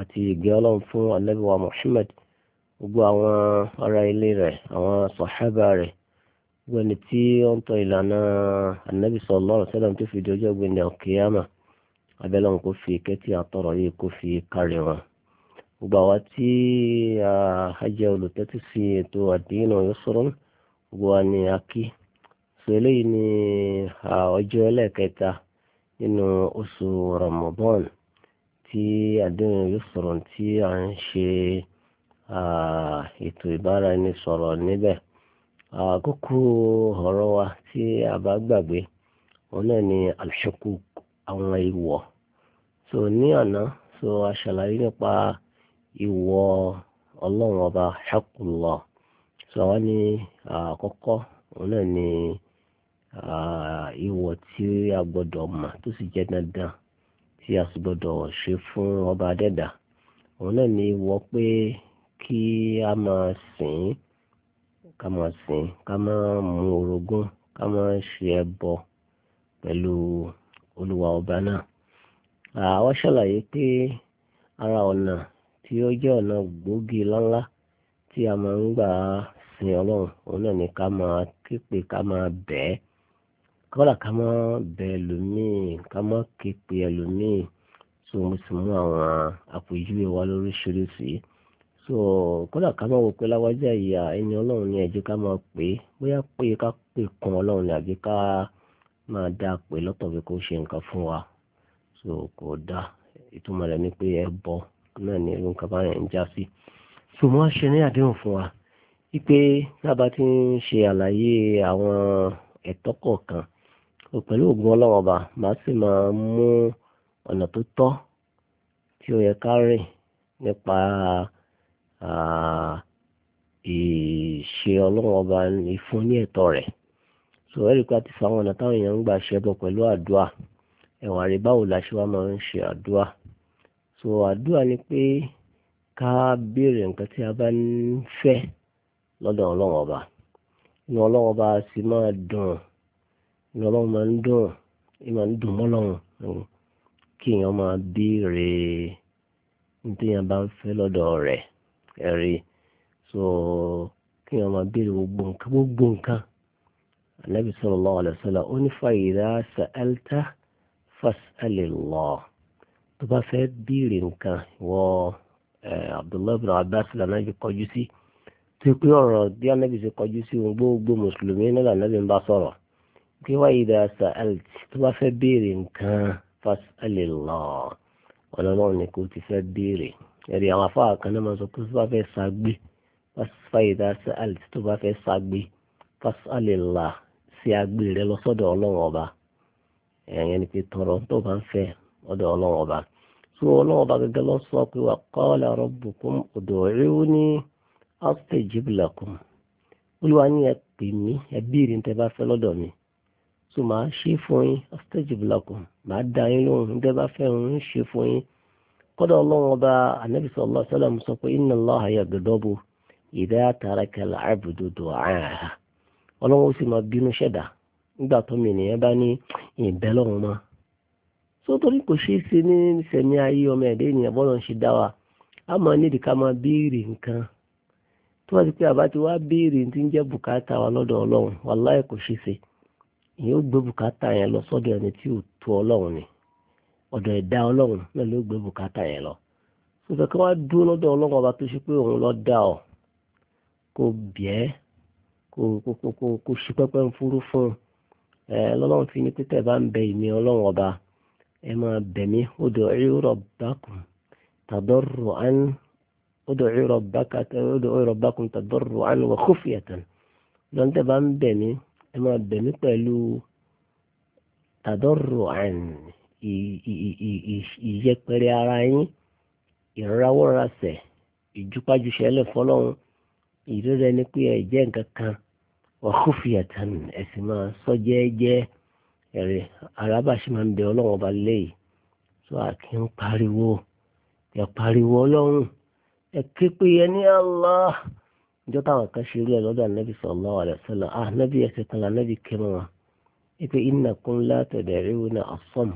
àti ìgẹ́ ọlọ́run fún ànábì wa Muhammad gbogbo àwọn ará ilé rẹ̀ àwọn sàhábà rẹ̀ gbogbo ẹni tí ó ń tọ́ ìlànà ànábì sallallahu alaihi wasallam tó fi di ọjọ́ gbẹ̀ndẹ̀ ọ̀kẹ́yàmà abẹ́lẹ́wọn kò fi kẹ́tì àtọ̀rọ̀ yìí kò fi kárí wọn. gbogbo àwa tí a jẹ́ sí ètò àdínà Yusrun gbogbo wa ni a sọ eléyìí ní ọjọ́ ẹlẹ́ẹ̀kẹta nínú oṣù Ramadan tí àdéhùn yóò sọ̀rọ̀ tí a ń ṣe ètò ìbáraẹnisọ̀rọ̀ níbẹ̀ àkókò ọ̀rọ̀ wa tí a bá gbàgbé wọn náà ni àlùṣekù àwọn ìwọ̀ so ní àná so a ṣàlàyé nípa ìwọ̀ ọlọ́run ọba ṣàkùlọ so àwọn n'i àkọ́kọ́ wọn ni ìwọ̀ tí a gbọ́dọ̀ mọ̀ tó sì tí a sì gbọdọ̀ ṣe fún ọba adẹ́dà òun náà ni wọ pé kí a máa sìn ká máa sìn ká máa mú orogún ká máa ṣe ẹbọ pẹ̀lú olúwa ọba náà. àwọn ṣàlàyé pé ara ọ̀nà tí ó jẹ́ ọ̀nà gbòógì lọ́lá tí a máa ń gbà sin ọlọ́run òun náà ni ká máa képe ká máa bẹ̀ẹ́ kọ́lá ká mọ́ bẹ ẹlòmíì ká mọ́ képe ẹlòmíì so mo sì mú àwọn àpèjúwe wa lóríṣiríṣi so kọ́lá ká mọ́ wò pé láwájá ìyá ẹni ọlọ́run ní ẹ̀jẹ̀ ká mọ́ pé bóyá pé ká pè kan ọlọ́run ní àbí ká máa dá a lọ́tọ̀ pé kó ṣe nǹkan fún wa so kò dá ìtumọ̀ rẹ̀ ni pé ẹ bọ́ náà ni irú nǹkan báyẹn ń já sí so mo wá ṣe ní àdéhùn fún wa wípé tábà ti ń ṣe àlàyé àwọn ẹ̀tọ́ kọ̀ọ̀kan pẹ̀lú ògùn ọlọ́wọ́ ọba màá sì máa mú ọ̀nà tó tọ́ tí ó yẹ ká rìn nípa ìṣe ọlọ́wọ́ ọba ìfún ní ẹ̀tọ́ rẹ̀ so ẹ̀rí pé a ti fa àwọn ọ̀nà táwọn èèyàn ń gbà ṣẹbọ pẹ̀lú àdúà ẹ̀wà rẹ̀ báwo la ṣe wá máa ń ṣe àdúà so àdúà ni pé ká béèrè nǹkan tí a bá ń fẹ́ lọ́dọ̀ ọlọ́wọ́ ọba inú ọlọ́wọ́ ọba sì máa dùn ní ọlọ́run máa ń dùn ẹ máa ń dùn mọ́lọ́run kí èèyàn máa béèrè nítorí yẹn fẹ́ lọ́dọ̀ rẹ̀ ẹ̀rí so kí èèyàn máa béèrè gbogbo nǹkan gbogbo nǹkan anabi sallallahu alaihi wasallam ó ní fa idha sa'alta fas'alillah tó bá fẹ́ béèrè nǹkan wọ abdullahi bin abbas lànà yìí kọjú sí tó pé ọ̀rọ̀ bí anabi ṣe kọjú sí gbogbo mùsùlùmí nílànà bí n bá sọ̀rọ̀ kí wá ìdá sa'alt tó bá fẹ́ béèrè nǹkan fas'alillah ọlọ́run ni kò ti fẹ́ béèrè ẹ̀rí àwọn afọ àkànná máa sọ pé tó bá fẹ́ sagbé fa'idha sa'alt tó bá fẹ́ sagbé fas'alillah sí agbé rẹ lọ sọ́dọ̀ ọlọ́run ọba ẹ̀yẹn ni pé tọrọ tó bá ń fẹ́ ọ̀dọ̀ ọlọ́run ọba tó ọlọ́run ọba gẹ́gẹ́ lọ sọ pé wa qala rabbukum ud'uni astajib ẹ pè mí ẹ béèrè ní bá fẹ́ lọ́dọ̀ mi. so màá ṣe fún yín astajib lakum màá da yín lóhùn nígbà bá fẹ́ ń ṣe fún yín ọlọ́run ọba anabi sallallahu alaihi sọ pé inna Allaha yaghdabu idha taraka al-'abdu du'aaha ọlọ́run ó sì máa bínú ṣẹ̀dá nígbà tó mi nìyẹn bá ní ìbẹ́ lọ́run mọ́ kò ṣe ní ayé ọmọ ènìyàn bọ́lọ̀ ń ṣe wa a máa nídìí ká máa béèrè nǹkan tó wá ìyẹn ó gbé bùkátà yẹn lọ sọ́dọ̀ ẹni tí ò tó ọlọ́run ni ọ̀dọ̀ ẹ̀dá ọlọ́run náà ló gbé bùkátà yẹn lọ sọ̀tọ̀ kí wọ́n á dúró lọ́dọ̀ ọlọ́run ọba tó ṣe pé òun ló dá ọ kó bìẹ́ kó kó kó kó ṣe pẹ́pẹ́ ń fúrú fún ẹ lọ́lọ́run fi ní pé tẹ̀ bá ń bẹ ìmí ọlọ́run ọba ẹ máa bẹ̀mí ud'u rabbakum tadarru'an ud'u rabbaka ud'u rabbakum tadarru'an wa khufyatan lọ́n tẹ̀ bá ń ẹ máa bẹ̀ mí pẹ̀lú tàdọ́rọ̀ àn ìyẹpẹrẹ ara yín ìrọ̀ráwọ̀rasẹ̀ ìjúpájúṣẹlẹ̀ fọlọ́run ìrírẹ́ ni pé ẹ̀jẹ̀ nǹkan kan wàhúfìyàtàn ẹ̀sìn máa sọ jẹ́ẹ́jẹ́ ẹ̀rẹ̀ arábàṣí máa ń bẹ ọlọ́run ọba léyìí tó àkí ń pariwo ẹ̀ pariwo ọlọ́run ẹ̀ ké pé ní Allah níjọ́ táwọn kan ṣe rí ẹ lọ́dọ̀ ànábì sallallahu alaihi wasallam ah, ànábì ẹsẹ̀ kan lànábì kírun wa wípé innakum la tad'una as-samm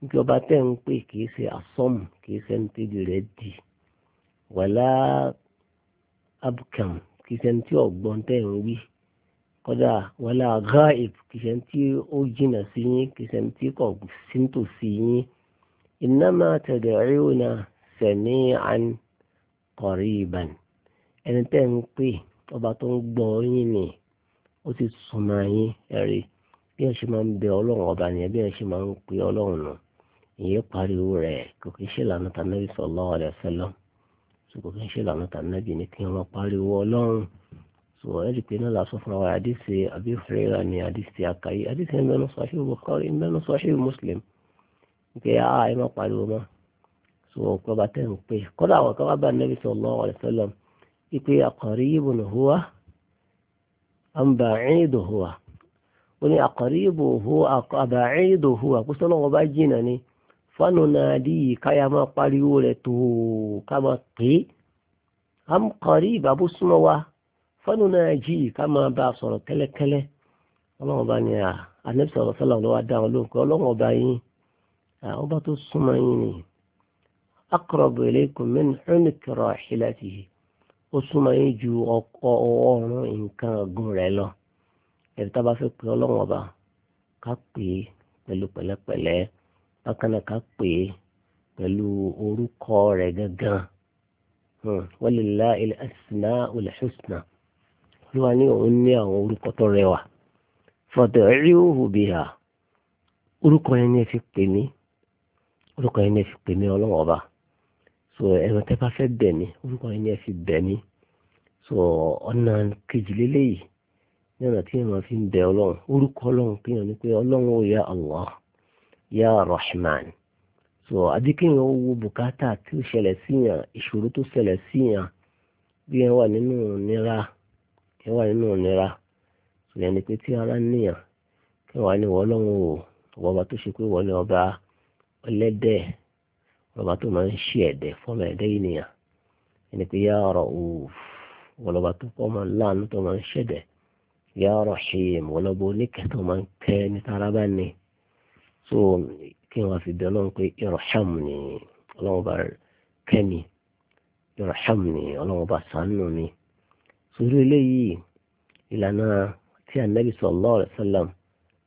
níbi ọba tẹ́ ń pè kìí ṣe as-samm kìí ṣe ní tẹ́jú rẹ̀ di wala abkam kìí ṣe ní tí ọ̀gbọ́n tẹ́ ń wí kódà wala ghaib kìí ṣe ní tí ó jìnà sí yín kìí ṣe ní tí kò sí nítòsí yín innama tad'una sami'an qariban. ẹni tẹ́ ń pè ọba tó ń gbọ́ yín ni ó ti súnmọ́ yín ẹ̀rí bí ẹ ṣe máa ń bẹ ọlọ́run ọba nìyẹn bí ẹ ṣe pariwo rẹ kò kí ń ṣe ìlànà tànàbí sallallahu alaihi wasallam so kò kí ń ṣe ìlànà tànàbí ni kí wọ́n pariwo ọlọ́run so ẹ̀rí pé náà lásán fún wa àdìsí àbí Muslim ipe aqaribun huwa am ba'idu huwa ó ní aqaribu huwa aba'idu huwa kó sọ́nà wọn bá jìnnà ni fánù náà dí yìí káyà máa pariwo rẹ̀ tó ká máa pè é am qarib bó súnmọ́ wa fánù náà jì yìí ká máa bá a sọ̀rọ̀ kẹ́lẹ́kẹ́lẹ́ ọlọ́wọ́n bá ó súnmọ́ yín ju ọkọ̀ ọ̀run nǹkan ọ̀gùn rẹ̀ lọ ẹ̀rí tá a bá fẹ́ pè ọlọ́wọ́n ọba ká pè é pẹ̀lú pẹ̀lẹ́pẹ̀lẹ́ bákan náà ká pè é pẹ̀lú orúkọ rẹ̀ gangan hmm. walillahil asmaul husna olúwa ní òun ní àwọn orúkọ tó rẹwà fad'uhu biha orúkọ yẹn ni ẹ fi pè mí orúkọ yẹn ni ẹ fi pè mí ọlọ́wọ́n ọba so ẹran tẹ́ bá fẹ́ bẹ̀ mí orúkọ yẹn ni ẹ fi bẹ̀ mí so ọ̀nà kejìlélẹ́yìí ní ọ̀nà tí èèyàn fi ń bẹ ọlọ́run orúkọ ọlọ́run pé èèyàn ní pé ọlọ́run ó ya Allah ya Rahman so adékèyàn ó wo bùkátà tí ó ṣẹlẹ̀ síyàn ìṣòro tó ṣẹlẹ̀ síyàn bí ẹ wà nínú nira ẹ wà nínú nira so yẹn ni pé tí ara níyàn kẹwàá ni wọ́n ọlọ́run ò wọ́n ọba tó ṣe pé wọ́n ọba ọlẹ́dẹ̀ẹ́ ọba tó máa ń ṣe ẹ̀dẹ̀ fọmọ ẹ̀dẹ́ ènìyàn ẹni pé yá ọ̀rọ̀ òòf wọlọ́ba tó kọ́ máa ń láàánú tó máa ń ṣẹ̀dẹ̀ yá ọ̀rọ̀ ṣèyẹm wọlọ́ba oníkẹ́ tó máa ń kẹ́ ní taraba ni so kí wọ́n fi bẹ́ẹ̀ lọ́n pé irham ni ọlọ́run bá kẹ́ mi irham ni ọlọ́run bá ṣàánú mi sórí eléyìí ìlànà tí anabi sallallahu alaihi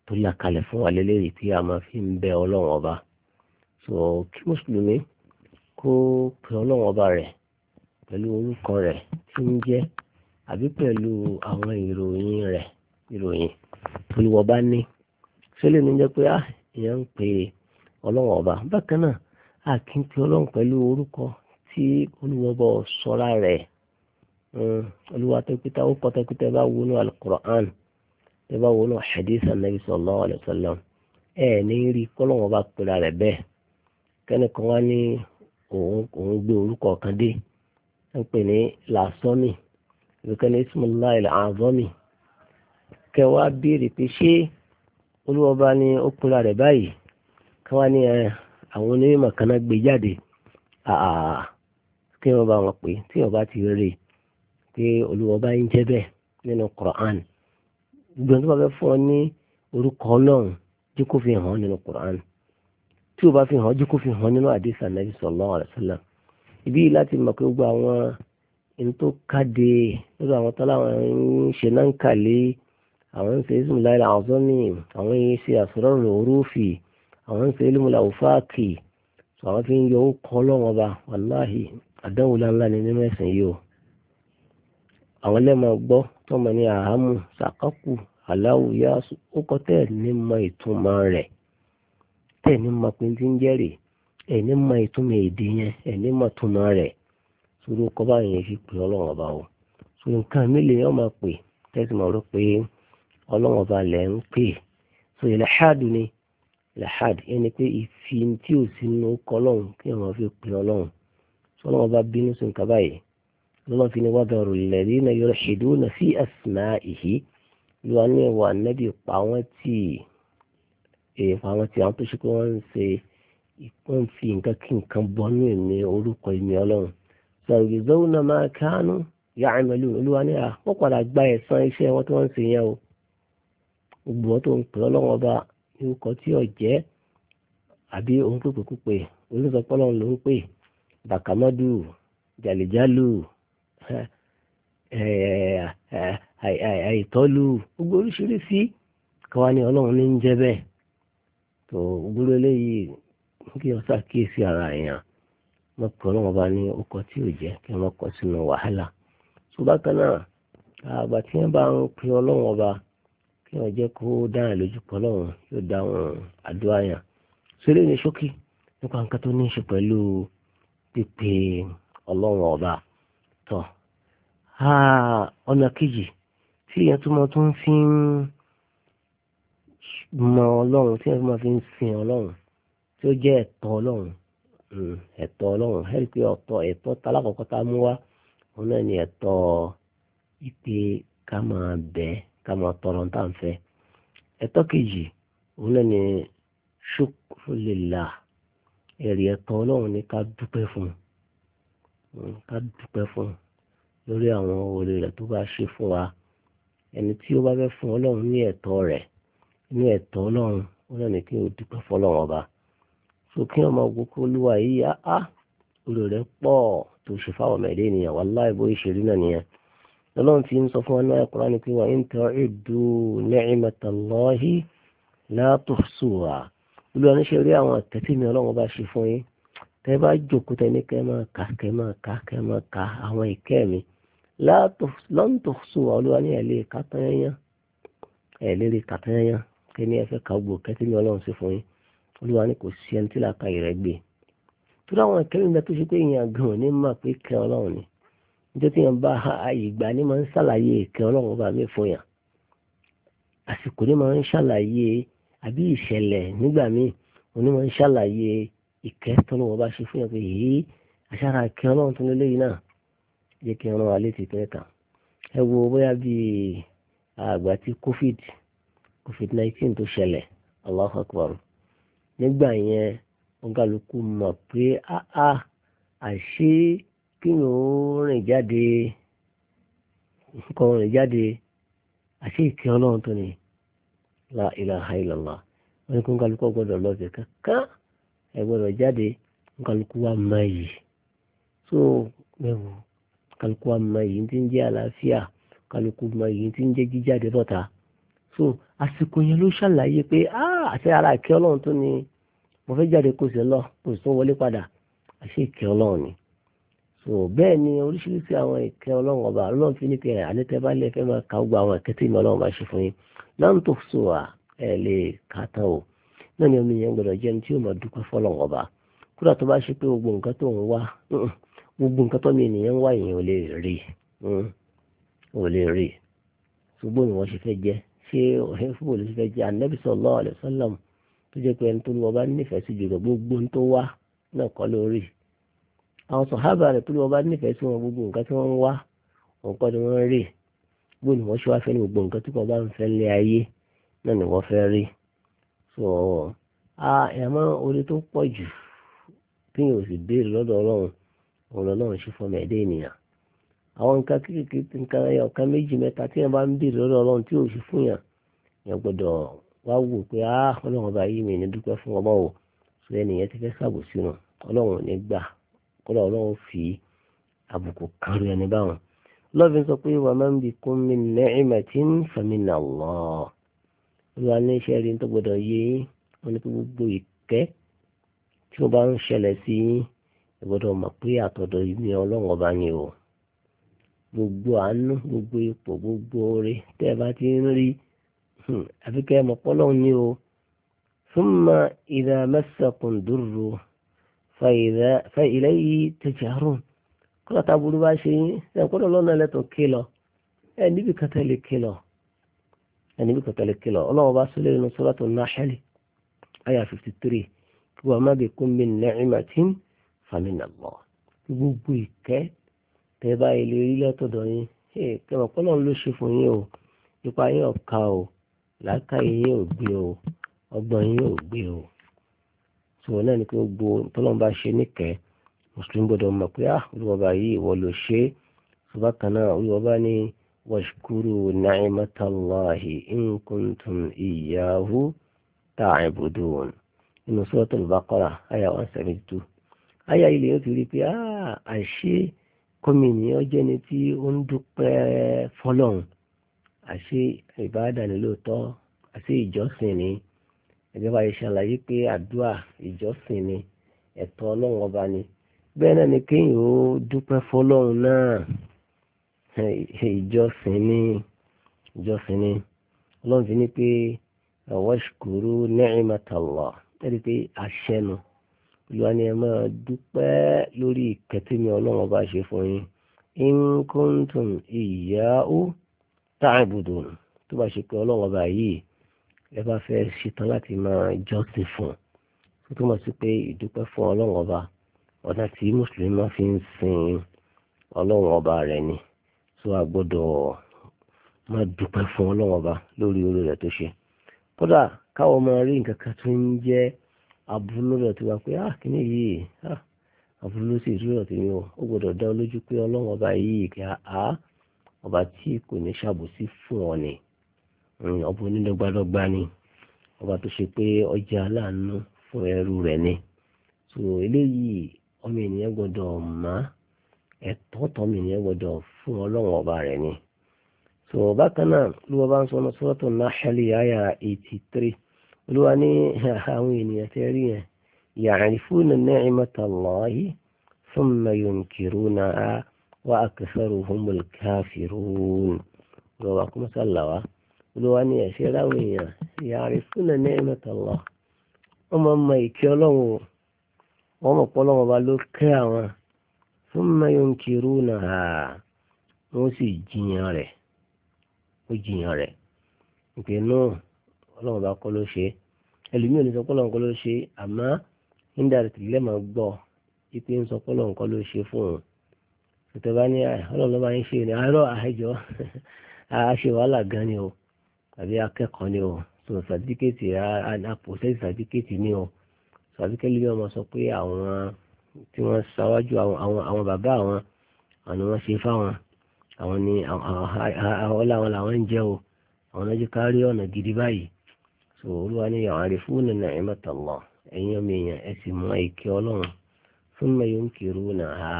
tó là kalẹ̀ fún wa lélẹ́yìí tí a máa fi ń bẹ ọlọ́run ọba so kí mùsùlùmí kó pe ọlọ́run ọba rẹ̀ pẹ̀lú orúkọ rẹ̀ tí ń jẹ́ àbí pẹ̀lú àwọn ìròyìn rẹ̀ ìròyìn olùwọ́ bá ní ní jẹ́ pé ah, ọba bákan náà a kì í pe ọlọ́run pẹ̀lú orúkọ tí olùwọ́ bọ̀ sọ́ra rẹ̀ olùwà ó kọ́ bá ọba kẹ́nìkan wá ní òun òun gbé orúkọ kan dé ń pè ní làásọ́mì ìrìkẹ́ni ismaila azọ́mì kẹwàá béèrè pé ṣé olúwọba ni ó pinra rẹ̀ báyìí kẹwàá ní àwọn onímọ̀ kan náà gbé jáde àà kí wọ́n bá wọn pè tí ọba ti rí pé olúwọba ń jẹ́ bẹ́ẹ̀ nínú Qur'an gbogbo ẹni tó bá fẹ́ fún ọ ní orúkọ ọlọ́run jí kó fi hàn nínú Qur'an tí o bá fi hàn jókòó fi hàn nínú àdìsá nàbí sallallahu alaihi wasallam ibi láti mọ̀ pé gbogbo àwọn ẹni tó káde lọ́dọ̀ àwọn tó láwọn ń ṣe náà ń kàlé àwọn ń ṣe ismu láìla àwọn sọ́ni àwọn ń ṣe àsọ̀rọ̀rọ̀ orúfì àwọn ń ṣe ilmùlà òfáàkì àwọn fi ń yọ ókọ ọlọ́wọ́n ba wàláhì àdánwò ńláńlá ni nínú ẹ̀sìn yìí o àwọn lẹ́mọ̀ gbọ́ tọmọ ní àhámù sàkákù aláwùyá ó kọ́ ní mọ ìtumọ̀ rẹ̀ tẹ̀ní mọ̀ pé ti ń jẹ́rìí ẹ̀ní mọ̀ ìtumọ̀ èdè yẹn ẹ̀ní mọ̀ túnmọ̀ rẹ̀ sórí ọkọ̀ báyìí yẹn fi pè ọlọ́run ọba o so nǹkan mi lè ọmọ pè tẹ́sí mọ̀ rọ pé ọlọ́run ọba lẹ̀ ń pè so ìlàhádù ni ìlàhádù ẹni pé ìfi tí ò sí inú kọ́ ọlọ́run kí ẹ̀ máa fi pè ọlọ́run so ọlọ́run ọba bínú sí nǹkan báyìí lọ́nà fi ni wọ́n bẹ̀rù lẹ́rí náà yọrọ ṣèdúró náà sí àsìmá ìhí lọ́wọ́ ṣe eh, àwọn tí àwọn tó ṣe pé wọ́n ń ṣe wọ́n ń fi nǹkan kí nǹkan bọ́nú ẹ̀mí orúkọ ẹ̀mí ọlọ́run sọ̀rọ̀ ìgbésẹ́wò náà máa kánú ìyá àmẹ́lú olúwa ní à wọ́n padà gba ẹ̀san iṣẹ́ wọn tí wọ́n ń ṣe yẹn o gbogbo wọn tó ń pè ọlọ́wọ́n ọba ní orúkọ tí ò jẹ́ àbí òun pèpè púpè olùsọpọ́lọ́ ló ń pè bàkàmọ́dù jàlèjálù eh, eh, àìtọ́lù gbogbo oríṣiríṣi kọ́wa ni ọlọ́run ní ń jẹ́ bẹ́ẹ̀ tó gbúrú eléyìí kí wọ́n ṣàkíyèsí ara èèyàn mọ́kọ́ náà bá ní ọkọ̀ tí ò jẹ́ kí wọ́n kọ́ sínú wàhálà tó bákan náà àgbà tí wọ́n bá ń pe ọlọ́run ọba kí wọ́n jẹ́ kó dáhùn lójú pọ̀ lọ́run yóò dáhùn àdúrà yàn sórí ní ṣókí nípa nǹkan tó ní í ṣe pẹ̀lú pípe ọlọ́run ọba tó ọ̀nà kejì tí ìyẹn tó mọ tó ń fi ń mọ ọlọ́run tí wọ́n fi ń sin ọlọ́run tí ó jẹ́ ẹ̀tọ́ ọlọ́run hmm, ẹ̀tọ́ ọlọ́run ẹ̀rí pé ọ̀tọ̀ ẹ̀tọ́ tá lákọ̀ọ́kọ́ tá mú wá òun náà ni ẹ̀tọ́ ìpè ká máa bẹ̀ ká máa tọrọ tá à ń fẹ́ ẹ̀tọ́ kejì òun náà ni ṣókòlélà ẹ̀rí ẹ̀tọ́ ọlọ́run ni ká dúpẹ́ fún hmm, ká dúpẹ́ fún lórí àwọn oore rẹ̀ tó bá ṣe fún wa ẹni tí ó bá fẹ́ fún ọlọ́run ní ẹ̀tọ́ rẹ̀ ní ẹ̀tọ́ ọlọ́run ó lẹ́nu kí o dúpẹ́ fọlọ́run ọba so kí wọ́n máa gbó kó olúwa yìí á á olè rẹ̀ pọ̀ tó ṣe fáwọn mẹ́rin ènìyàn wallahi bó ìṣèlú náà nìyẹn lọ́lọ́run fi ń sọ fún wa náà Kùránì pé wa in ta'uddu ni'matallahi la tuhsuha olúwa ní ṣe rí àwọn àtẹ́tí mi ọlọ́run bá ṣe fún yín tẹ́ bá jókòó tẹ́ ní kẹ́ máa kà kẹ́ máa kà kẹ́ máa kà àwọn ìkẹ́ mi la tuhsuha olúwa ní ẹ̀ lè kàtàyányán ẹ̀ kẹ́ni ẹ̀fẹ́ ka gbò kẹ́tí ní ọlọ́run sí fún yín olúwa ni kò sí ẹni tí làákà rẹ̀ gbé tó dáwọn ìkẹ́lẹ́ nígbà tó ṣe pé èèyàn gan ní mà pé kẹ́ ọlọ́run ni nítorí tí èèyàn bá ààyè gbà ní máa ń ṣàlàyé ìkẹ́ ọlọ́run bá mi fún yàn àsìkò ní máa ń ṣàlàyé àbí ìṣẹ̀lẹ̀ nígbà míì òní máa ń ṣàlàyé ìkẹ́ tọ́lọ́wọ́ bá ṣe fún yàn pé èyí àṣàrà ìkẹ́ ọlọ́run tó lélẹ́yìn náà jẹ́ kí ọlọ́run alẹ́ ti pẹ́ kàn ẹ wo bóyá bíi àgbà ti COVID covid nineteen tó ṣẹlẹ̀ Allahu Akbar nígbà yẹn ọ̀gálùkù mọ̀ pé áá àṣé kíyàn ó rìn jáde kọ́ rìn jáde àṣé ìkẹ́ ọlọ́run tó ní la ilaha illallah wọ́n ní kó ọ̀gálùkù gbọ́dọ̀ lọ́ọ̀bẹ̀ kankan ẹ gbọ́dọ̀ jáde ọ̀gálùkù wa máa yìí so mẹ́wù ọ̀gálùkù wa máa yìí ti ń jẹ́ àlàáfíà ọ̀gálùkù máa yìí ti ń jẹ́ jíjáde bọ́ta so àsìkò yẹn ló ṣàlàyé pé ah, àṣẹ ara ìkẹ́ ọlọ́run tó ni mo fẹ́ jáde kó sì lọ kó sì tún wọlé padà àṣẹ ìkẹ́ ọlọ́run ni so bẹ́ẹ̀ ni oríṣiríṣi àwọn ìkẹ́ ọlọ́run ọba ọlọ́run fi ní pé àlétẹ́bálẹ̀ fẹ́ máa ka gbogbo àwọn ìkẹ́ tí ìmọ̀ ọlọ́run bá ṣe fún yín náà tó so à ẹ̀ lè ka tán o náà ni omi yẹn gbọdọ̀ jẹ́ ní tí yóò máa dúpẹ́ fọlọ́run ọba kúrò tó bá ṣe pé gbogbo nǹkan tó ń ṣe hefbo ló fẹ́ jẹ́ anabi sallallahu alaihi wasallam tó jẹ́ pé ẹni tó lọ́wọ́ bá nífẹ̀ẹ́ sí jùlọ gbogbo ń tó wá náà kọ́ lórí àwọn sọ̀hábà rẹ̀ tó lọ́wọ́ bá nífẹ̀ẹ́ sí wọn gbogbo nǹkan tí wọ́n wá nǹkan ni wọ́n rí gbọ́n ni wọ́n ṣe wá fẹ́ ní gbogbo nǹkan tí wọ́n bá ń fẹ́ lé ayé náà ni wọ́n fẹ́ rí so ẹ̀mọ́ orí tó pọ̀ jù tí yóò sì béèrè lọ́dọ̀ ọlọ́run òun lọ́lọ́run ṣe fọmọ ẹ̀dẹ́ ènìyàn àwọn nǹkan kéékèèké nǹkan ọ̀kan méjì mẹ́ta tí yẹn bá ń bèrè lọ́dọ̀ ọlọ́run tí ò sí fún yàn yẹn gbọ́dọ̀ wá wò pé á ah, ọlọ́run ọba yìí mi ní dúpẹ́ fún ọmọ o sọ ẹnìyẹn ti fẹ́ sàbò sínú ọlọ́run ò ní gbà kọ́dọ̀ ọlọ́run fi àbùkù kan rẹ̀ ní báwọn lọ́fin sọ pé wà máa ń bi kún mi ní ni'matin famin Allah olúwa ní iṣẹ́ rí tó gbọ́dọ̀ yé yín wọ́n pé gbogbo ìkẹ́ tí wọ́n bá ń ṣẹlẹ̀ sí yín mọ̀ pé àtọ̀dọ̀ ní ọlọ́run ọba ni o gbogbo àánú gbogbo ipò gbogbo oore tẹ́ ẹ bá ti ń rí hmm, àfi kẹ́ ẹ mọ̀ pọ́lọ́ ní o thumma idha massakum durru fa ilayhi tajharun kọ́lá tá burú bá ṣe yín ẹ̀ kọ́lá lọ́nà ẹlẹ́tọ̀ kìlọ̀ ẹ̀ níbi kan tẹ́lẹ̀ kìlọ̀ ẹ̀ níbi kan tẹ́lẹ̀ kìlọ̀ ọlọ́wọ́ bá sọlẹ̀ nínú suratu Nahl àyà fifty three kí wọ́n má bẹ kum min ni'matin faminallah gbogbo ìkẹ́ tẹ́ báyìí lè rí lọ́tọ̀dọ̀ yín kẹwàá pọ́nà ló ṣe fún yín o ipa yín ọ̀ka o làákàyè yín ò gbé o ọgbọ́n yín ò gbé o ṣùgbọ́n náà ni pé gbogbo tọ́lọ́n bá ṣe níkẹ́ẹ́ mùsùlùmí gbọ́dọ̀ mọ̀ pé ah olùwọ́ba yìí ìwọ ló ṣe é ṣùgbọ́n kan náà olùwọ́ba ní washkuru na'imatallahi in kuntum iyyahu ta'budun nínú suratul baqara àyà one àyà ilé yóò ti rí pé ah kọ́mi ènìyàn jẹ́ ni tí ó ń dúpẹ́ fọlọ́run àṣé ìbáradà ni lóòótọ́ àṣé ìjọsìn ni ẹgbẹ́ bá ṣe ṣàlàyé pé àdúrà ìjọsìn ni ẹ̀tọ́ ọlọ́run ọba ni bẹ́ẹ̀ náà ni kéèyàn ó dúpẹ́ fọlọ́run náà ìjọsìn ni ìjọsìn ni ọlọ́run fi ní pé washkuru ni'matallahi ẹ̀rí pé aṣẹ́nu olúwa ni ẹ máa dúpẹ́ lórí ìkẹtẹ́mi ọlọ́run ọba ṣe fún yín in kuntum iyyahu tó bá ṣe pé ọlọ́run ọba yìí ẹ bá fẹ́ ṣetán láti máa jọ́sìn fún tó túmọ̀ sí pé ìdúpẹ́ fún ọlọ́run ọba ọ̀nà tí mùsùlùmí máa fi ń sin ọlọ́run ọba rẹ̀ ni tó a gbọ́dọ̀ máa dúpẹ́ fún ọlọ́run ọba lórí oore rẹ̀ tó ṣe kódà káwọn máa rí nǹkan kan tó ń jẹ́ aburú lọ́dọ̀ tiwa pé ah kíní yìí ah aburú ló sì o ó gbọdọ dá lójú pé ọba yìí kí a ọba tí kò ní ṣàbòsí fún ọ ni hmm, ọba onídọ́gbadọ́gba ni ọba tó ṣe pé ọjà aláàánú fún ẹrú rẹ ni eléyìí ọmọ ènìyàn tọmọ ènìyàn fún ọba ni bákan náà ló bá ń sọ náà yáyà olúwa ní àwọn ènìyàn tẹ́ rí yẹn ya'rifuna ni'mata Allahi thumma yunkirunaha wa aktharuhumul kafirun olúwa kó mọ́sálà wa olúwa ní ẹ̀ṣẹ́ ráwọn èèyàn ya'rifuna ni'mata Allah wọ́n mọ̀ mọ̀ ìkẹ́ ọlọ́run wọ́n mọ̀ pọ́ lọ́wọ́ bá ló kẹ́ àwọn thumma yunkirunaha wọ́n sì jiyàn rẹ̀ ó jiyàn rẹ̀ ìpè náà ọlọ́run bá kọ́ ló ṣe ẹlòmíràn ní sọ pé ọlọ́run kọ́ ló ṣe àmọ́ indirectly lẹ́mọ̀ gbọ́ ipe ń sọ pé ọlọ́run kọ́ ló ṣe fún un tòtẹ́ bá ní ah, ọlọ́run ló bá ṣe ní àárọ̀ àìjọ àṣe wàhálà gan ni o àbí akẹ́kọ̀ọ́ ni o so sàdíkẹ́tì àpòsẹ́sì sàdíkẹ́tì ni o sàdíkẹ́lì yóò máa sọ pé àwọn tí wọ́n ṣáwájú àwọn bàbá àwọn àwọn wọ́n ṣe fáwọn àwọn ni ọlá àwọn làwọn ń jẹ́ o àwọn lọ́jọ́ kárí ọ̀nà gidi báyìí so olúwa ni ya'rifuna ni'mata Allah ẹ̀yin mi yàn ẹ sì mọ ìkẹ́ ọlọ́run thumma yunkirunaha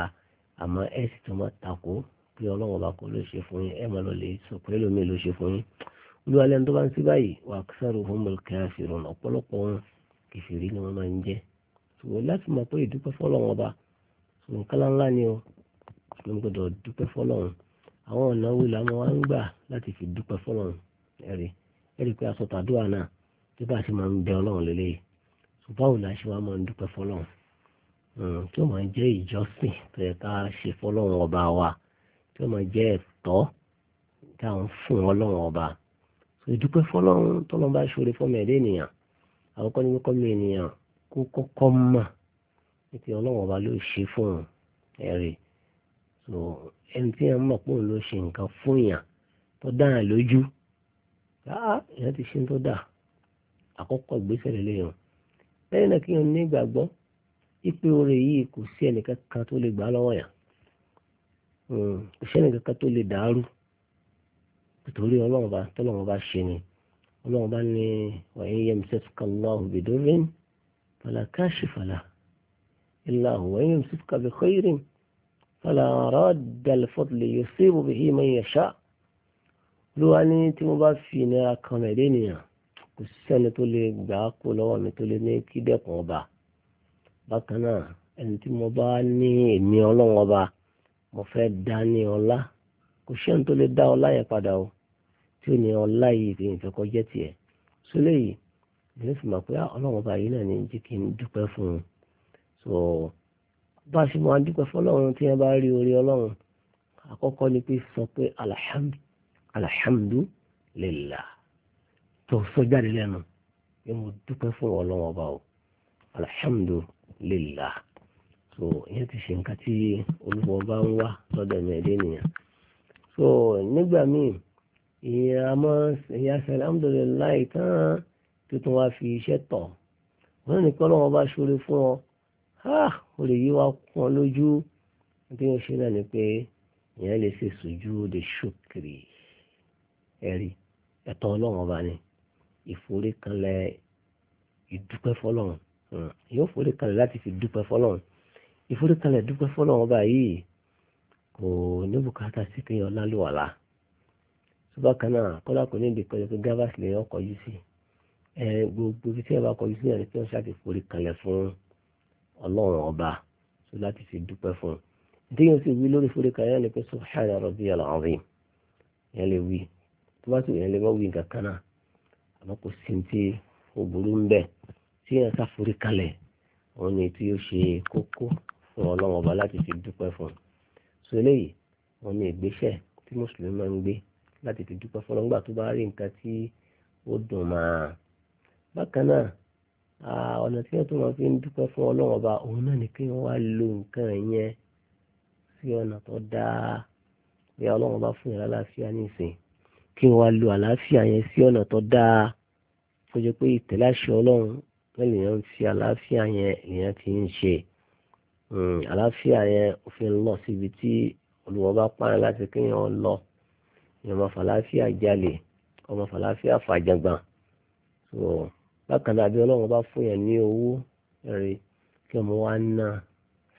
àmọ́ ẹ sì tún máa takò pé ọlọ́run ọba kò ló ṣe fún yín ẹ máa lọ lè sọ pé lómi ló ṣe fún yín wa ọ̀pọ̀lọpọ̀ wọn ni wọ́n máa ń jẹ́ láti mọ̀ pé ìdúpẹ́ ọba ṣùgbọ́n kálá ńlá ni o tí bá ti máa ń bẹ ọlọ́run lélẹ̀ ṣùgbọ́n òun láṣẹ wa máa ń dúpẹ́ fọlọ́run tí ó máa ń jẹ́ ìjọsìn tó yẹ ká ṣe fọlọ́run ọba wa tí ó máa jẹ́ ẹ̀tọ́ tá à ń fún ọlọ́run ọba ìdúpẹ́ fọlọ́run tọ́lọ́run bá ṣòro fọ́mọ ẹ̀dẹ́ ènìyàn àkọ́kọ́ ní ènìyàn kó kọ́kọ́ mà nípa ọlọ́run ọba ló ṣe fún ẹ̀rì so ẹni tí wọn mọ̀ pé òun ló ṣe nǹkan fún yàn tó dáhàn lójú ah ìyẹn ti ṣe tó dáa àkọ́kọ́ ìgbésẹ̀ lélẹ̀ yẹn lẹ́yìn náà kí n ní ìgbàgbọ́ ipe oore yìí kò sí ẹnìkan kan tó lè gbà lọ́wọ́ yàn hmm, kò sí ẹnìkan kan tó lè dàrú nítorí ọlọ́run bá tọ́lọ́run bá ṣe ni ọlọ́run bá ní wàyí yẹn sẹ́fúkà lọ́hùn bìdúrín fàlà káàṣì fàlà ìlàhùn wàyí yẹn sẹ́fúkà bí khairin fàlà rọ́ọ̀dàlì fọ́tìlì yóò sí ibùbí yìí mọ́ ìyẹ̀ṣà ló wá tí mo bá fi ìnira kan mẹ́lẹ́ nìyàn kò sẹ́ni tó lè gbà á kó lọ́wọ́ mi tó lè ní kí dẹ́kun ọba bákan náà ẹni tí mo bá ní èmi ọlọ́run ọba mo fẹ́ dá ní ọlá kò sẹ́ni tó lè dá ọlá yẹn padà o tí ò ní ọlá yìí fi ìfẹ́ kọjá tiẹ̀ sólè yìí ìlú fi mọ̀ pé ah, ọlọ́run ọba yìí náà ní jẹ́ kí n dúpẹ́ fún un so bá a ṣe máa dúpẹ́ fún ọlọ́run tí wọ́n bá rí orí ọlọ́run àkọ́kọ́ ni pé sọ pé alhamdu tó sọ jáde lẹ́nu yẹn mo dúpẹ́ fún ọlọ́wọ́ ọba o alhamdulillah so ìyẹn ti ṣe nǹkan tí olúwa bá ń wá lọ́dọ̀ ẹ̀mí ẹ̀dẹ́ nìyẹn so nígbà míì ìyàmọ́ ìyàsẹ̀ alhamdulillah tán tuntun wa fi iṣẹ́ tọ̀ wọ́n ní kọ́ lọ́wọ́ bá ṣoore fún ọ ha o lè yí wa kún ọ lójú bí wọ́n ṣe náà ni pé ìyẹn lè ṣe sùjú de ṣùkìrì ẹ̀rí ẹ̀tọ́ ọlọ́wọ́n bá ní ìforíkanlẹ̀ ìdúpẹ́ fọlọ́run hmm. yóò foríkanlẹ̀ láti fi dúpẹ́ fọlọ́run ìforíkanlẹ̀ dúpẹ́ fọlọ́run ọba yìí kò ní bùkátà sí pé ọlálùwàlà ṣùgbọ́n kan náà kọ́lá kò ní ìdí kọjá pé gávàsì lè yọ kọjú sí ẹ gbogbo ibi tí ẹ bá kọjú sí ẹni tí wọ́n ṣáàtì foríkanlẹ̀ fún ọlọ́run ọba tó láti fi dúpẹ́ fún un díyàn sì wí lórí foríkanlẹ̀ ni pé subhana rabbiyal azim yẹn lè wí tó bá sì yẹn lè má wí nǹkan kan náà àmọ́ kò sí ti ó burú ń bẹ̀ tí yẹn ká forí kalẹ̀ òun ni tí ó ṣe kókó fún ọlọ́run ọba láti fi dúpẹ́ fún un so eléyìí òun ni ìgbésẹ̀ tí mùsùlùmí máa ń gbé láti fi dúpẹ́ fún ọlọ́ngbà tó bá rí nǹkan tí ó dùn máa bákan náà ọ̀nà tí wọ́n tún máa fi ń dúpẹ́ fún ọlọ́run ọba òun náà ni kí wọ́n wá lo nǹkan yẹn sí ọ̀nà tó dáa bí ọlọ́run bá fún yàrá láàfíà ní ìsìn kí n wá lo àlàáfíà yẹn sí ọ̀nà tó dáa tó jẹ́ pé ìtẹ̀láṣẹ ọlọ́run náà lèèyàn ń fi àlàáfíà yẹn lèèyàn hmm, fi ń ṣe àlàáfíà yẹn òfin lọ síbi tí olùwọ́ bá pààyàn láti kéèyàn lọ èèyàn máa fàlàáfíà jalè ọmọ fàlàáfíà fàjàgbà so bákan náà bí ọlọ́run bá fún yẹn ní owó rẹ̀ kí ọmọ wa ná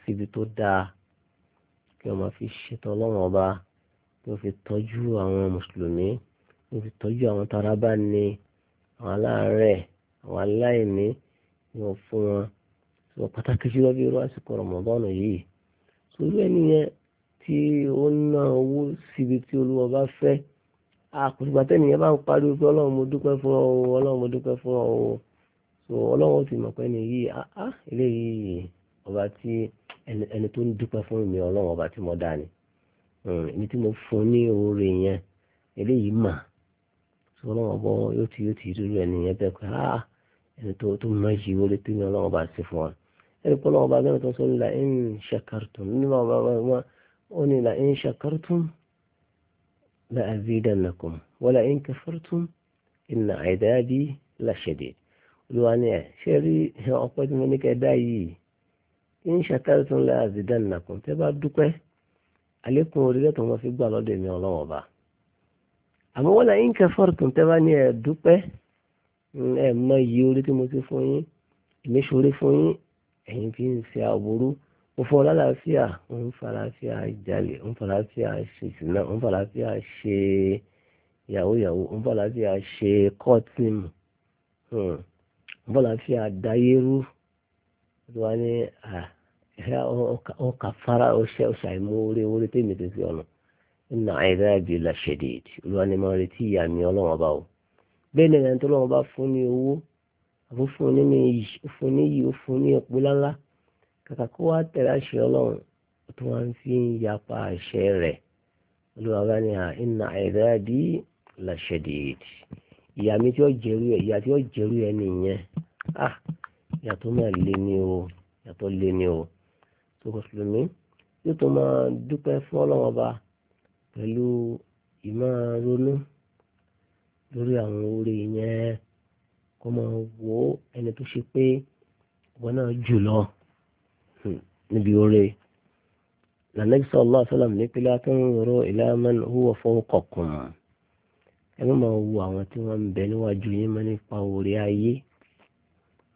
síbi tó dáa kí ọmọ fi ṣètò ọlọ́run ọba kí ó fi tọ́jú àwọn mùsùlùmí mo fi tọ́jú àwọn tara bá ní àwọn aláàárẹ̀ àwọn aláìní ni wọ́n fún wọn sọ pàtàkì jùlọ bí irú àsìkò rọmọbọ́ọ̀nù yìí sórí ẹni yẹn tí ó ń ná owó síbi tí olúwa bá fẹ́ àkùnfà tẹ́ni bá ń pariwo pé ọlọ́run mo dúpẹ́ fún ọ o ọlọ́run mo dúpẹ́ fún ọ o so ọlọ́run ti mọ̀ pé ẹni yìí áá ah, ah, eléyìí ọba tí ẹni tó ń dúpẹ́ fún mi ọlọ́run ọba tí mo dá ni ẹni hmm, tí mo fún ní oore yẹn eléyìí mà sọ ọlọ́wọ́n bọ́ yóò ti yóò ti rí rẹ̀ nìyẹn bẹ́ẹ̀ pé ah ẹni tó tó máa yí wọlé tó ní ọlọ́wọ́n bá ṣe fún wọn. ẹni pé ọlọ́wọ́n bá gẹ́gẹ́ tó sọ ní la in shakartum nínú ọba wọn ó ní la in shakartum la azidannakum wala in kafartum inna idabi la shadid olúwa ni ẹ ṣe rí ọpẹ́ tí mo ní kẹ́ dá yìí in shakartum la azidannakum tẹ́ bá dúpẹ́ àlékún orílẹ̀ tó wọn fi gbà lọ́dọ̀ èmi ọlọ́wọ́n bá àmọ́ wọ́n láyé ń kẹfọ́rọ̀ tó ń tẹ́ bá ní ẹ̀ẹ́dúpẹ́ ẹ mọ iye orí tí mo ti fún yín èmi ṣoore fún yín ẹ̀yin fi ń ṣe àwòrú mo fún ọ lálàáfíà ń faláfíà jalè ń faláfíà hmm. ṣe ìsìnà ń faláfíà ṣe yahoo yahoo ń faláfíà ṣe kọ́tìmù ń faláfíà dayérú wọ́n ní ọkà fara ọṣẹ ọṣà ìmú orí orí tèmi ti ọ̀nà inna azabi la shadid olúwa ni máa retí ìyá mi ọlọ́wọ́n bá o bẹ́ẹ̀ ni ẹni tó lọ́wọ́ bá fún ní owó àbó fún ní ní iyì ó fún ní iyì ó fún ní epo lálá kàkà kó wá tẹ̀lé àṣẹ ọlọ́run ó tún wá ń fi ń yapa àṣẹ rẹ̀ olúwa bá ní à inna azabi la shadid ìyá mi tí ó jẹrú ẹ ìyá tí ó jẹrú ẹ nìyẹn ah ìyá tó máa lé ní o ìyá tó lé ní o tó mùsùlùmí yóò tó máa dúpẹ́ fún ọlọ́wọ́n bá pẹ̀lú ìmọ̀ ronú lórí àwọn orí yẹn kó máa wo ẹni tó ṣe pé wọn náà jù hmm, níbi orí. Nànàbí sallallahu alaihi wasallam ní pé la tanzuru ila man huwa fawqakum. Ẹ má máa wo àwọn tí wọ́n ń bẹ níwájú yín máa nípa orí ayé.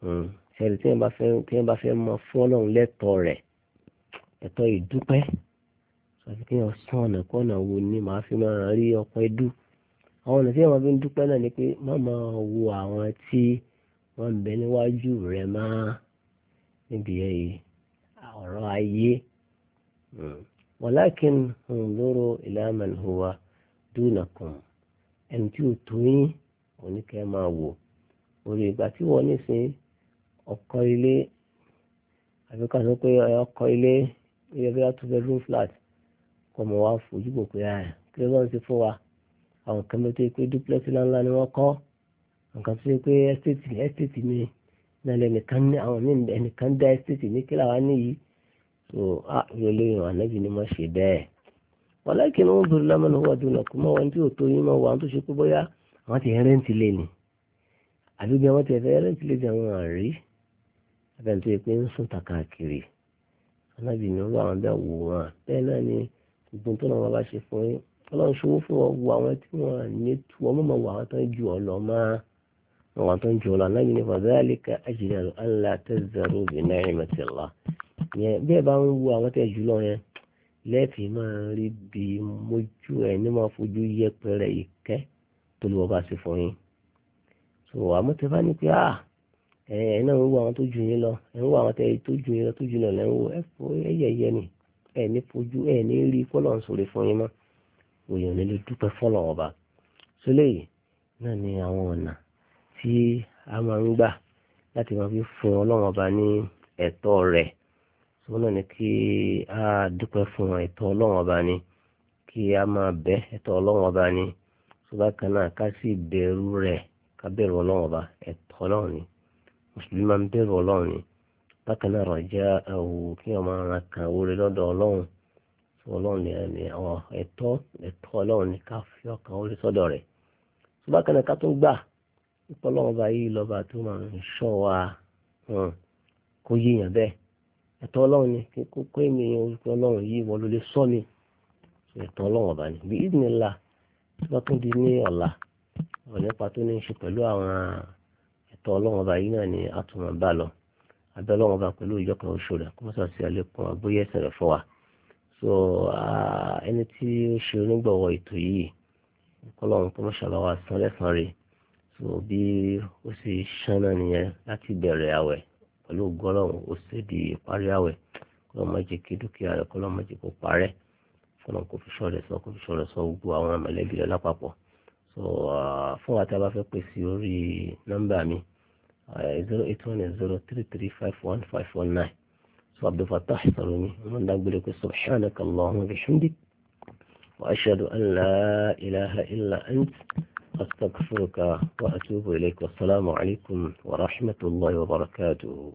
Hmm, Ṣẹ̀rí tí wọ́n bá fẹ́ mọ fún Ọlọ́run lẹ́tọ̀ọ́ rẹ̀ ẹ̀tọ́ ìdúpẹ́ àti kí wọ́n sán ọ̀nà kọ́nà wo ni màá fi máa rí ọpẹ́ dù àwọn ọ̀nà tí wọ́n fi ń dúpẹ́ náà ni pé má máa wo àwọn tí wọ́n ń bẹ níwájú rẹ máa níbi ọ̀rọ̀ ayé hmm. walakin unzuru ila man huwa dunakum ẹni tí ò tó yín òní máa wò orí ìgbà tí wọ́n nísìn ọkọ̀ ilé àfikàtún pé ọkọ̀ ilé ilé bí wọ́n bedroom flat kọ́ mọ̀ wá fojú bò pé ẹ̀ ah, kí ló ń ṣe fún wa àwọn kan tó yẹ pé duplex ńláńlá ni wọ́n kọ́ nǹkan tó yẹ pé ẹ́stéètì ẹ́stéètì mi nílẹ̀ ẹnìkan ní àwọn míì ẹnìkan dá ẹ́stéètì ní kílà wá níyì so a yóò lóyún ànábì ni mo ṣe bẹ́ẹ̀ wàláìkì ni wọ́n bẹ̀rù lámọ́ ní wọ́n dùn lọ́kùn mọ́ wọn tí ò tó yín mọ́ wọn tó ṣe pé bóyá àwọn ti rẹ́ǹtì lé ni àbí bí wọ́n ti fẹ́ rẹ́ǹtì lé ti àwọn àrí abẹ́ni yẹ pé ń sùn tàkàkiri ànábì ni wọn bẹ́ẹ̀ wò wọn bẹ́ẹ̀ náà ni gbogbo tó náà wọn bá ṣe fún yín ọlọ́run ṣòwò fún wọn wo àwọn tí wọn ní tu wọn mọ̀ wọ àwọn tó ń ju ọ lọ máa àwọn tó ń ju ọ lọ anábì ní fàdáàlìkà àjìnàrò ànlá tẹ́zẹ̀rù bìnà ìmọ̀tìlá yẹn bẹ́ẹ̀ bá ń wo àwọn tẹ́ jù lọ yẹn lẹ́ẹ̀fì máa rí bí mojú ẹ̀ ní máa fojú yẹpẹrẹ ìkẹ́ tó lè bá ṣe fún yín so àmọ́ tẹ bá ní pé à ẹ̀ náà ń wo àwọn tó ju yín lọ ẹ̀ ń wo àwọn tó ju yín lọ tó ju lọ lẹ́ ẹ̀ ní fojú ẹ̀ ní rí kọ́lọ̀ ń sòrè fún yín mọ́ òyìn ní lè dúpẹ́ fọ́lọ̀ ọba sólè náà ni àwọn ọ̀nà tí a máa ń gbà láti máa fi fún ọlọ́run ọba ní ẹ̀tọ́ rẹ̀ sọ́wọ́n náà ni kí a dúpẹ́ fún ẹ̀tọ́ ọlọ́run ọba ni kí a máa bẹ̀ ẹ̀tọ́ ọlọ́run ọba ni sọ́ba kan náà ká sì bẹ̀rù rẹ̀ ká bẹ̀rù ọlọ́run ọba ẹ̀tọ́ ọlọ́run ni mùsùlùmí máa ń bẹ̀rù ọlọ́run ni bákan náà rọ̀já ẹ̀wù kí wọ́n máa ra kan orí lọ́dọ̀ ọlọ́run tí ọlọ́run ní ẹni àwọn ẹ̀tọ́ ẹ̀tọ́ ọlọ́run ní ká fi ọkàn orí sọ́dọ̀ rẹ̀ tó bákan náà ká tún gbà nípa ọlọ́run bá yí lọ́ba tó máa ń ṣọ́ wa kó yíyàn bẹ́ẹ̀ ẹ̀tọ́ ọlọ́run ni kókó ènìyàn orúkọ ọlọ́run yìí wọ́n ló lè sọ ni ẹ̀tọ́ ọlọ́run ọba ni bí ìdìnnìlá tó bá tún di ní ọ̀la ọ̀rọ̀ tó ní í ṣe pẹ̀lú àwọn ẹ̀tọ́ ọlọ́run ọba yìí náà ni a bá lọ abẹ́lọ́wọ́n bá pẹ̀lú ìjọkan oṣù rẹ̀ kó mọ́sà sí àlékún àgbóyè ẹ̀sẹ̀rẹ̀ fún wa so ẹni tí ó ṣe onígbọ̀wọ́ ètò yìí kọ́lọ́run kó mọ́sà bá wa lẹ́sàn-án rẹ̀ so bí ó sì ṣánná nìyẹn láti bẹ̀rẹ̀ àwẹ̀ pẹ̀lú gọ́lọ́run ó sì di ìparí àwẹ̀ kọ́lọ́run má jẹ́ kí dúkìá rẹ̀ kọ́lọ́run má jẹ́ kó parẹ́ kọ́lọ́run kó fi ṣọ́ọ̀rẹ̀ sọ kó fi ṣọ́ọ̀rẹ̀ sọ gbogbo so fún wa tá a bá mi 08103351519 آه، سو عبد الفتاح صارومي ومن داك بلوك سبحانك اللهم بحمدك وأشهد أن لا إله إلا أنت أستغفرك وأتوب إليك والسلام عليكم ورحمة الله وبركاته